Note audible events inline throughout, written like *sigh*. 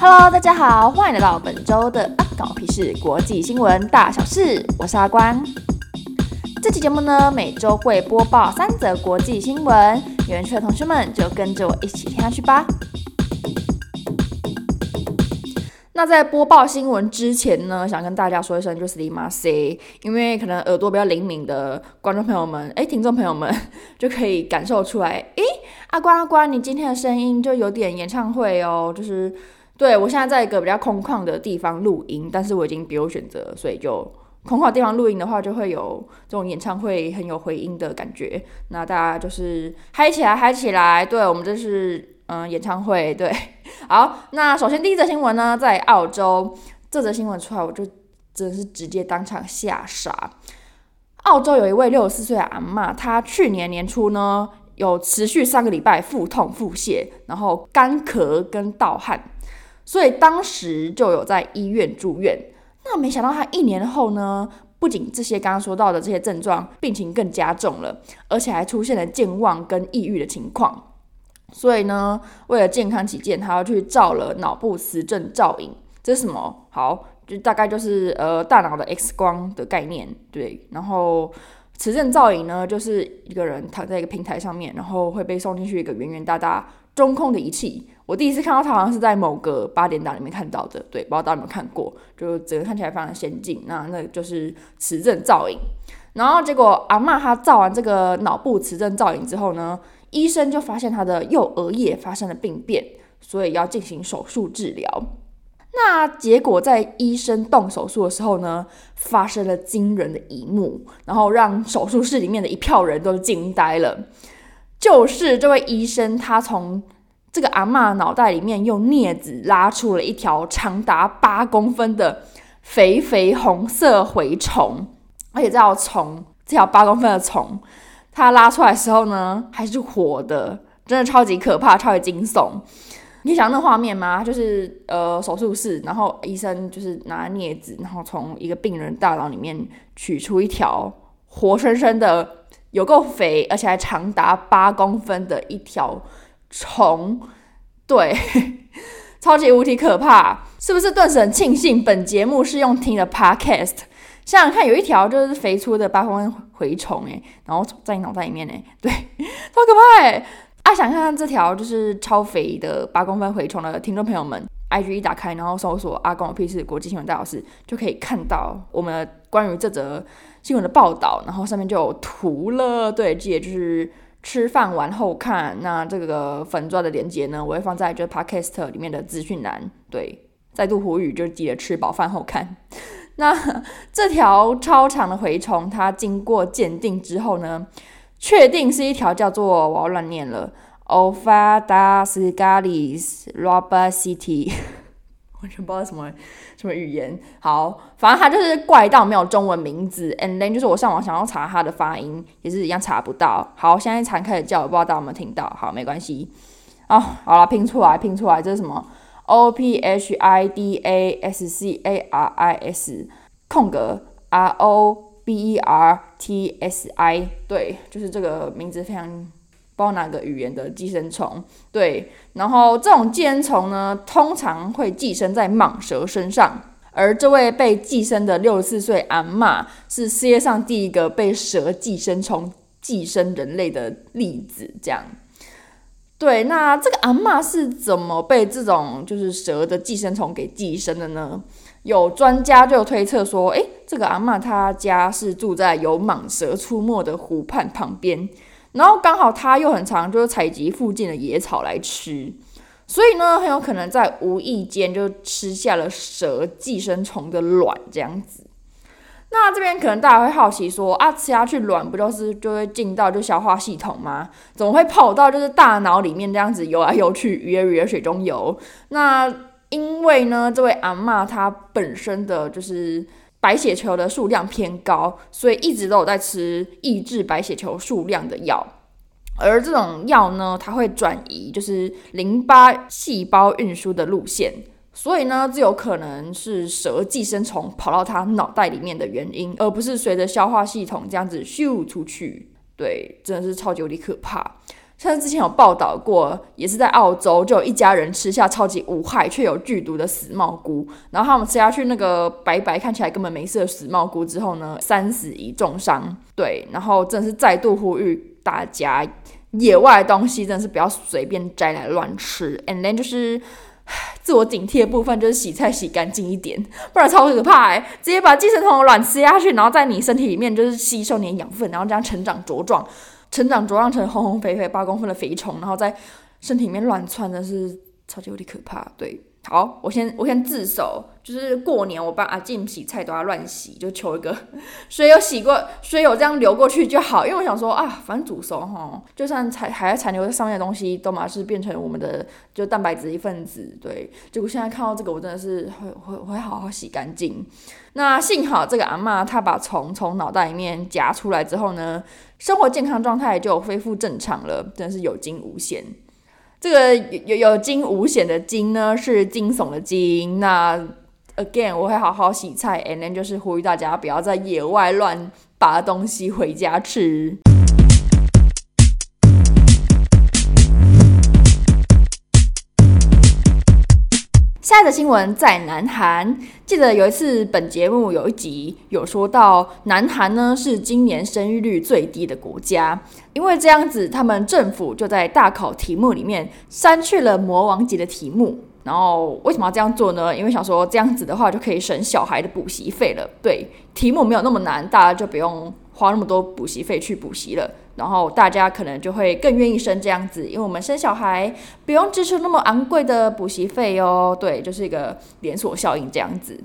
Hello，大家好，歡迎來到本周的阿關我 P 事國際新聞大小事，我是阿關。這期節目呢，每周會播報三則國際新聞，有興趣的同學們就跟着我一起聽下去吧。那在播報新聞之前呢，想跟大家說一聲就是立馬 say，因為可能耳朵比較靈敏的觀眾朋友們，哎，聽眾朋友們就可以感受出來，哎，阿關阿關，你今天的聲音就有點演唱會哦，就是。對，我現在在一個比較空曠的地方錄音，但是我已經別無選擇，所以就空曠的地方錄音的話，就會有這種演唱會很有回音的感覺。那大家就是嗨起來，嗨起來！對，我們這是嗯演唱會，對，好。那首先第一則新聞呢，在澳洲，這則新聞出來，我就真的是直接當場嚇傻。澳洲有一位六十四歲的阿嬤，她去年年初呢，有持續三個禮拜腹痛、腹瀉，然後乾咳跟盜汗。所以當時就有在醫院住院，那沒想到他一年後呢，不僅這些剛剛說到的這些症狀病情更加重了，而且還出現了健忘跟抑鬱的情況。所以呢，為了健康起見，他要去照了腦部磁振造影。這是什麼？好，就大概就是呃大腦的 X 光的概念。對，然後磁振造影呢，就是一個人躺在一個平台上面，然後會被送進去一個圓圓大大中空的儀器。我第一次看到他，好像是在某個八點檔裡面看到的。對，不知道大家有沒有看過，就整個看起來非常的先進。那那就是磁振造影。然後結果阿嬤她照完這個腦部磁振造影之後呢，醫生就發現他的右額葉發生了病變，所以要進行手術治療。那結果在醫生動手術的時候呢，發生了驚人的一幕，然後讓手術室裡面的一票人都驚呆了。就是這位醫生，他從這個阿嬤腦袋裡面用鑷子拉出了一條長達八公分的肥肥紅色蛔蟲，而且這條蟲，這條八公分的蟲，它拉出來的時候呢還是活的，真的超級可怕，超級驚悚。你想那畫面嗎？就是呃手術室，然後醫生就是拿鑷子，然後從一個病人大腦裡面取出一條活生生的、有夠肥，而且還長達八公分的一條。蟲，對，超級無敵可怕，是不是？頓時很慶幸本節目是用聽的 podcast。想想看有一條就是肥粗的八公分蛔蟲誒，然後在你腦袋裡面誒，對，超可怕哎！啊，想看看這條就是超肥的八公分蛔蟲的聽眾朋友們，IG 一打開，然後搜索“阿關我 P 事國際新聞大小事”，就可以看到我們的關於這則新聞的報道，然後上面就有圖了。對，這也就是。吃飯完後看，那這個粉專的連結呢，我會放在就是 Podcast 裡面的資訊欄。對，再度呼籲，就是記得吃飽飯後看。那這條超長的蛔蟲，它經過鑑定之後呢，確定是一條叫做我要亂念了，Ophidascaris robertsi。完全不知道什麼什麼語言，好，反正他就是怪到沒有中文名字，and then 就是我上網想要查他的發音，也是一樣查不到。好，現在敞開的叫我，我不知道大家有沒有聽到？好，沒關係。哦，好了，拼出來，拼出來，這是什麼？O P H I D A S C A R I S 空格 R O B E R T S I，對，就是這個名字非常。包哪個語言的寄生蟲？對，然後這種寄生蟲呢，通常會寄生在蟒蛇身上，而這位被寄生的六十四歲阿嬤，是世界上第一個被蛇寄生蟲寄生人類的例子。這樣，對，那這個阿嬤是怎麼被這種就是蛇的寄生蟲給寄生的呢？有專家就推測說，誒，這個阿嬤她家是住在有蟒蛇出沒的湖畔旁邊。然後剛好他又很常就是採集附近的野草來吃，所以呢很有可能在無意間就吃下了蛇寄生蟲的卵這樣子。那這邊可能大家會好奇說，啊吃下去卵不就是就會進到就消化系統嗎？怎麼會跑到就是大腦裡面這樣子游來游去，魚兒魚兒水中游？那因為呢這位阿嬤她本身的就是。白血球的數量偏高，所以一直都有在吃抑制白血球數量的藥。而這種藥呢，它會轉移，就是淋巴細胞運輸的路線。所以呢，最有可能是蛇寄生蟲跑到他腦袋裡面的原因，而不是隨着消化系統這樣子咻出去。對，真的是超級無敵可怕。像之前有報道過，也是在澳洲，就有一家人吃下超級無害卻有劇毒的死帽菇，然後他們吃下去那個白白看起來根本沒事的死帽菇之後呢，三死一重傷。對，然後真的是再度呼籲大家，野外的東西真的是不要隨便摘來亂吃。And then 就是自我警惕的部分，就是洗菜洗乾淨一點，不然超可怕哎、欸，直接把寄生蟲卵吃下去，然後在你身體裡面就是吸收你的養分，然後這樣成長茁壯。成長茁壯成紅紅肥肥八公分的肥蟲，然後在身體裡面亂竄，真是超級無敵可怕，對。好，我先我先自首，就是過年我幫阿進洗菜都要亂洗，就求一個水有洗過，水有這樣流過去就好，因為我想說啊，反正煮熟哈，就算殘還殘留在上面的東西，都嘛是變成我們的就蛋白質一份子，對。結果現在看到這個，我真的是會會會好好洗乾淨。那幸好這個阿嬤她把蟲從腦袋裡面夾出來之後呢，生活健康狀態就恢復正常了，真的是有驚無險。這個有有驚無險的驚呢，是驚悚的驚。那 again，我會好好洗菜，and then 就是呼籲大家不要在野外亂拔東西回家吃。下一則新聞在南韓。記得有一次，本節目有一集有說到，南韓呢是今年生育率最低的國家，因為這樣子，他們政府就在大考題目裡面刪去了魔王級的題目。然後為什麼要這樣做呢？因為想說這樣子的話就可以省小孩的補習費了。對，題目沒有那麼難，大家就不用。花那麼多補習費去補習了，然後大家可能就會更願意生這樣子，因為我們生小孩不用支出那麼昂貴的補習費哦。對，就是一個連鎖效應這樣子。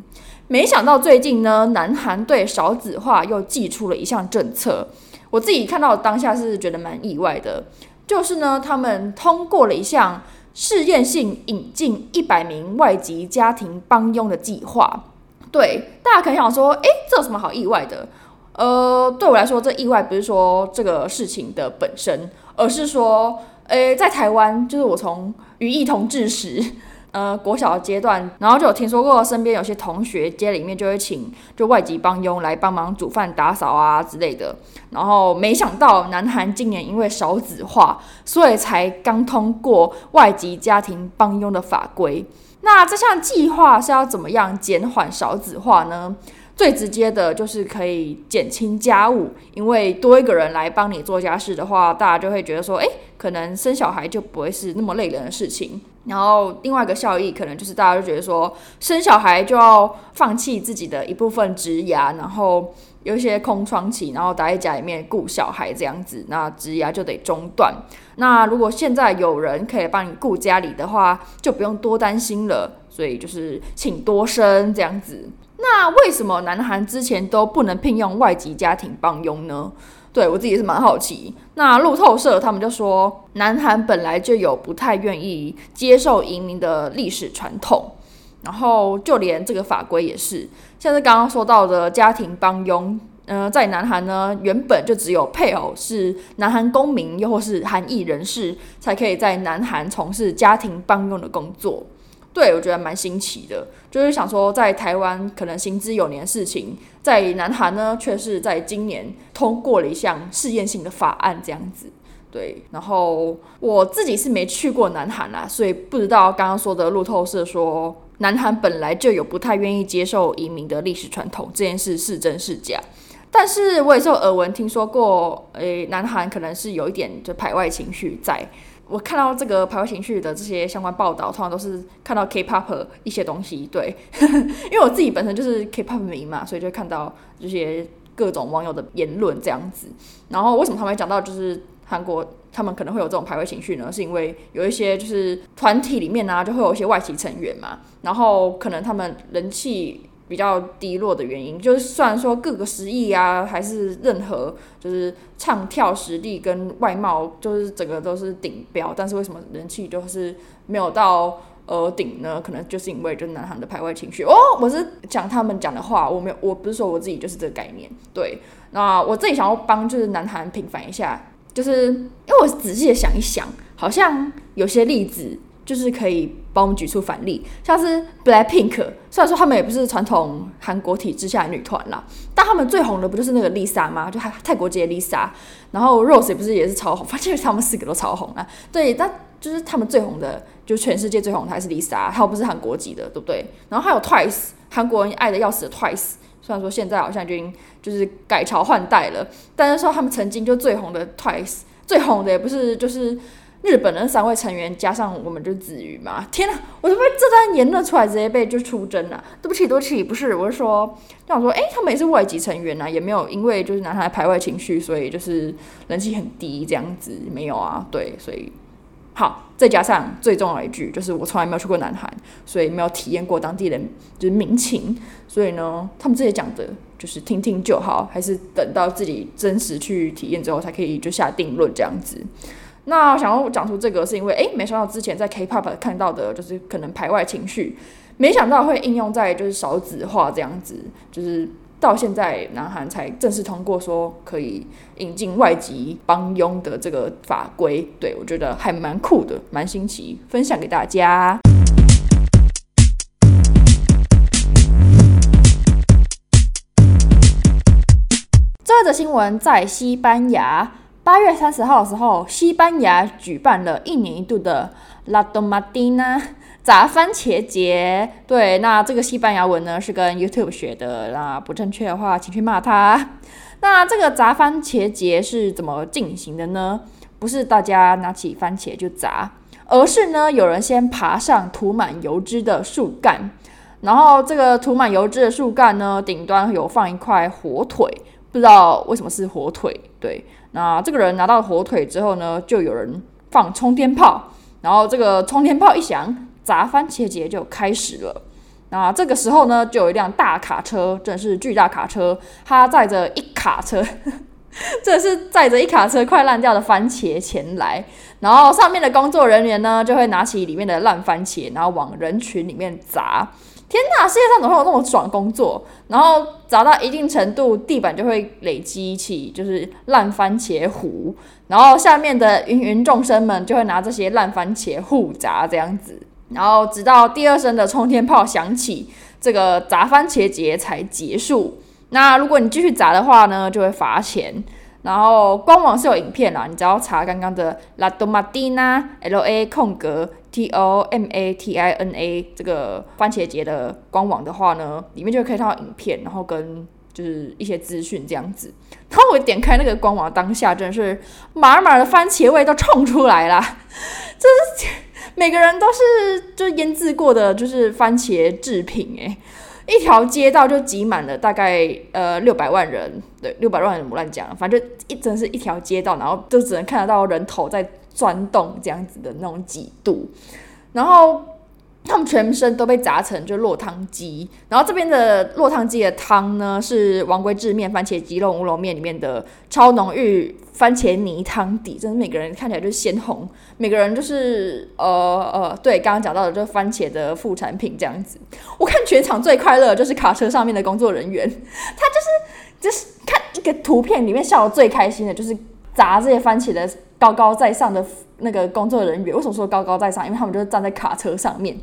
沒想到最近呢，南韓對少子化又祭出了一項政策，我自己看到當下是覺得蠻意外的，就是呢，他們通過了一項試驗性引進一百名外籍家庭幫傭的計劃。對，大家可能想說，哎、欸，這有什麼好意外的？呃，對我來說，這意外不是說這個事情的本身，而是說，誒，在台灣，就是我從與異同志時，呃，國小的階段，然後就有聽說過，身邊有些同學家裡面就會請就外籍幫傭來幫忙煮飯、打掃啊之類的。然後沒想到，南韓今年因為少子化，所以才剛通過外籍家庭幫傭的法規。那這項計劃是要怎麼樣減緩少子化呢？最直接的就是可以減輕家務，因為多一個人來幫你做家事的話，大家就會覺得說，誒、欸，可能生小孩就不會是那麼累人的事情。然後另外一個效益，可能就是大家就覺得說，生小孩就要放棄自己的一部分職涯，然後有一些空窗期，然後待在家裡面顧小孩這樣子，那職涯就得中斷。那如果現在有人可以幫你顧家裡的話，就不用多擔心了。所以就是請多生這樣子。那為什麼南韓之前都不能聘用外籍家庭幫傭呢？對，我自己也是蠻好奇。那路透社他們就說，南韓本來就有不太願意接受移民的歷史傳統，然後就連這個法規也是，像是剛剛說到的家庭幫傭，嗯、呃，在南韓呢原本就只有配偶是南韓公民又或是韓裔人士，才可以在南韓從事家庭幫傭的工作。對，我覺得蠻新奇的，就是想說，在台灣可能行之有年的事情，在南韓呢卻是在今年通過了一項試驗性的法案這樣子。對，然後我自己是沒去過南韓啦、啊，所以不知道剛剛說的路透社說南韓本來就有不太願意接受移民的歷史傳統這件事是真是假。但是我也是有耳聞聽說過，誒，南韓可能是有一點就排外情緒在。我看到這個排外情緒的這些相關報道，通常都是看到 K-pop 一些東西。對， *laughs* 因為我自己本身就是 K-pop 迷嘛，所以就看到這些各種網友的言論這樣子。然後為什麼他們會講到就是韓國，他們可能會有這種排外情緒呢？是因為有一些就是團體裡面呢、啊，就會有一些外籍成員嘛，然後可能他們人氣。比較低落的原因，就是雖然說各個實力啊，還是任何就是唱跳實力跟外貌，就是整個都是頂標，但是為什麼人氣就是沒有到呃頂呢？可能就是因為就是南韓的排外情緒哦。我是講他們講的話，我沒有，我不是說我自己就是這個概念。對，那我自己想要幫就是南韓平反一下，就是因為我仔細的想一想，好像有些例子就是可以。幫我們舉出反例，像是 BLACKPINK，雖然說他們也不是傳統韓國體制下的女團啦，但他們最紅的不就是那個 Lisa 嗎？就還泰國籍的 Lisa，然後 Rose 也不是也是超紅，反正他們四個都超紅啊。對，但就是他們最紅的，就全世界最紅的還是 Lisa，她又不是韓國籍的，對不對？然後還有 TWICE，韓國人愛的要死的 TWICE，雖然說現在好像已經就是改朝換代了，但是說他們曾經就最紅的 TWICE，最紅的也不是就是。日本的三位成員加上我們就子瑜嘛，天啊，我都被這段言論出來直接被就出征了，啊。對不起，對不起，不是，我是說，我想說，誒、欸，他們也是外籍成員啊，也沒有因為就是南韓排外情緒，所以就是人氣很低這樣子，沒有啊，對，所以好，再加上最重要的一句，就是我從來沒有去過南韓，所以沒有體驗過當地人就是民情，所以呢，他們這些講的就是聽聽就好，還是等到自己真實去體驗之後才可以就下定論這樣子。那我想要講出這個，是因為哎、欸，沒想到之前在 K-pop 看到的，就是可能排外情緒，沒想到會應用在就是少子化這樣子，就是到現在南韓才正式通過說可以引進外籍幫傭的這個法規，對我覺得還蠻酷的，蠻新奇，分享給大家。這則新聞在西班牙。八月三十號的時候，西班牙舉辦了一年一度的拉多馬丁納砸番茄節。對，那這個西班牙文呢是跟 YouTube 學的，那不正確的話請去罵他。那這個砸番茄節是怎麼進行的呢？不是大家拿起番茄就砸，而是呢有人先爬上塗滿油脂的樹幹，然後這個塗滿油脂的樹幹呢頂端有放一塊火腿，不知道為什麼是火腿。對。那這個人拿到火腿之後呢，就有人放沖天炮，然後這個沖天炮一響，砸番茄節就開始了。那這個時候呢，就有一輛大卡車，真的是巨大卡車，它載着一卡車， *laughs* 這是載着一卡車快爛掉的番茄前來，然後上面的工作人員呢，就會拿起裡面的爛番茄，然後往人群裡面砸。天吶，世界上怎麼會有那麼爽工作？然後砸到一定程度，地板就會累積起就是爛番茄糊，然後下面的芸芸眾生們就會拿這些爛番茄互砸這樣子，然後直到第二聲的沖天炮響起，這個砸番茄節才結束。那如果你繼續砸的話呢，就會罰錢。然後官網是有影片啦，你只要查剛剛的 La Tomatina、a L A 空格。T O M A T I N A 這個番茄節的官網的話呢，裡面就可以看到影片，然後跟就是一些資訊這樣子。然後我點開那個官網當下，真的是滿滿的番茄味都衝出來啦。就是每個人都是就醃製過的，就是番茄製品誒、欸。一條街道就擠滿了大概呃六百萬人，對，六百萬人我亂講，反正一真是一條街道，然後就只能看得到人頭在。鑽洞這樣子的那種幾度，然後他們全身都被砸成就落湯雞，然後這邊的落湯雞的湯呢是王貴製麵、番茄雞肉烏龍麵裡面的超濃郁番茄泥湯底，真的每個人看起來就是鮮紅，每個人就是呃呃，對，剛剛講到的就是番茄的副產品這樣子。我看全場最快樂就是卡車上面的工作人員，他就是就是看一個圖片裡面笑得最開心的就是砸這些番茄的。高高在上的那個工作人員，為什麼說高高在上？因為他們就是站在卡車上面，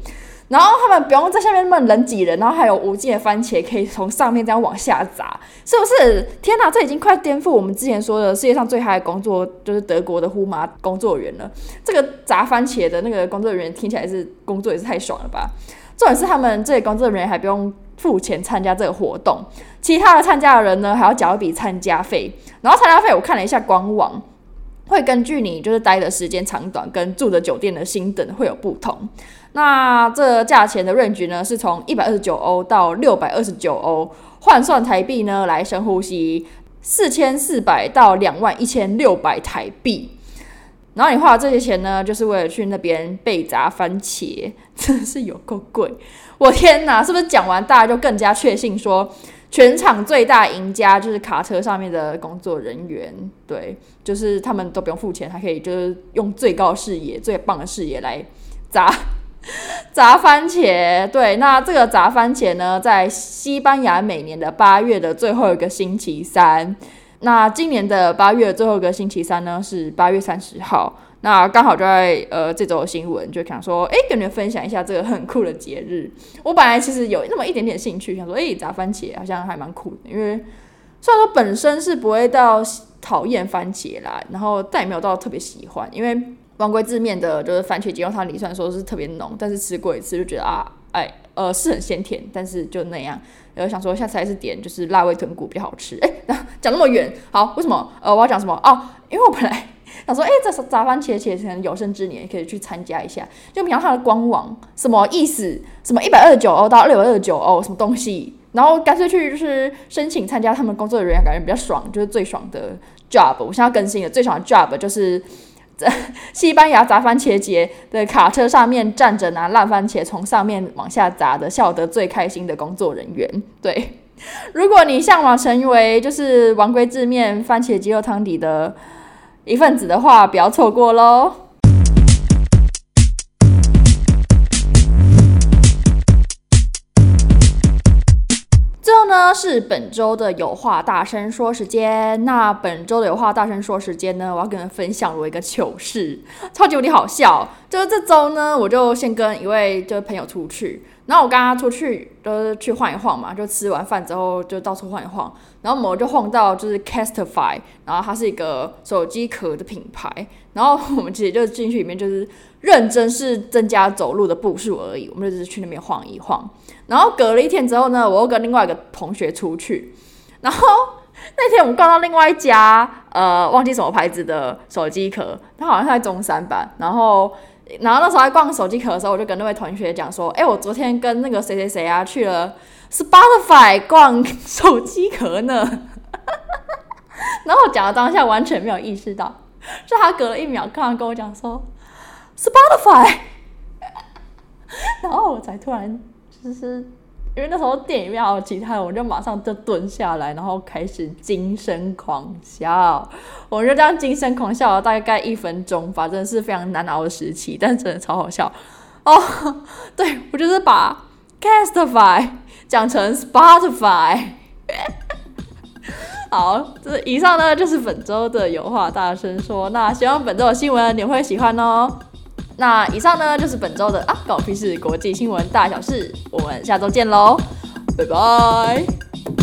然後他們不用在下面那麼人擠人，然後還有無盡的番茄可以從上面這樣往下砸，是不是？天哪，這已經快顛覆我們之前說的世界上最嗨的工作，就是德國的呼麻工作人員了。這個砸番茄的那個工作人員聽起來是工作也是太爽了吧？重點是他們這些工作人員還不用付錢參加這個活動，其他的參加的人呢還要繳一筆參加費。然後參加費，我看了一下官網，會根據你就是待的時間長短，跟住的酒店的星等會有不同。那這價錢的 range 呢，是從一百二十九歐到六百二十九歐，換算台幣呢，來深呼吸四千四百到兩萬一千六百台幣。然後你花這些錢呢，就是為了去那邊被砸番茄，真的是有夠貴！我天哪，是不是講完大家就更加確信說？全場最大贏家就是卡車上面的工作人員，對，就是他們都不用付錢，還可以就是用最高視野、最棒的視野來砸砸番茄。對，那這個砸番茄呢，在西班牙每年的八月的最後一個星期三。那今年的八月最後一個星期三呢，是八月三十號。那剛好就在呃這周新聞就想說，哎、欸，跟你分享一下這個很酷的節日。我本來其實有那麼一點點興趣，想說，哎、欸，砸番茄好像還蠻酷的。因為雖然說本身是不會到討厭番茄啦，然後但也沒有到特別喜歡。因為王歸字面的就是番茄雞肉湯裡，雖然說是特別濃，但是吃過一次就覺得啊，哎、欸。呃，是很鮮甜，但是就那樣。然後想說，下次還是點就是辣味豚骨比較好吃。哎、欸，講那麼遠，好，為什麼？呃，我要講什麼？哦，因為我本來想說，哎、欸，這砸番茄節，可能有生之年可以去參加一下。就比如它的官網，什麼意思？什麼一百二十九歐到六百二十九歐，什麼東西？然後乾脆去就是申請參加他們工作的人員，感覺比較爽，就是最爽的 job。我現在更新的最爽的 job，就是。西班牙砸番茄節的卡車上面站着拿爛番茄從上面往下砸的笑得最開心的工作人員。對，如果你向往成為就是王貴制麵番茄雞肉湯底的一份子的話，不要錯過嘍。是本周的有話大聲說時間。那本周的有話大聲說時間呢？我要跟大家分享我一個糗事，超級有點好笑。就是這周呢，我就先跟一位就是朋友出去，然後我跟他出去呃、就是，去晃一晃嘛，就吃完飯之後就到處晃一晃，然後我們就晃到就是 Castify，然後它是一個手機殼的品牌，然後我們直接就進去裡面就是。認真是增加走路的步數而已。我們就只是去那邊晃一晃，然後隔了一天之後呢，我又跟另外一個同學出去。然後那天我們逛到另外一家，呃，忘記什麼牌子的手機殼，它好像在中山吧。然後，然後那時候在逛手機殼的時候，我就跟那位同學講說：“哎、欸，我昨天跟那個誰誰誰啊去了 Spotify 逛手機殼呢。 *laughs* ”然後我講到當下完全沒有意識到，就他隔了一秒看，剛剛跟我講說。Spotify，然後我才突然，就是因為那時候電影院還有其他人，我就馬上就蹲下來，然後開始驚聲狂笑。我就這樣驚聲狂笑了大概一分鐘，反正是非常難熬的時期，但真的超好笑哦、喔。對，我就是把 Castify 講成 Spotify。好，這以上呢就是本周的有話大聲說，那希望本周的新聞你會喜歡哦。那以上呢，就是本周的阿關我 P 事國際新聞大小事，我們下周見嘍，拜拜。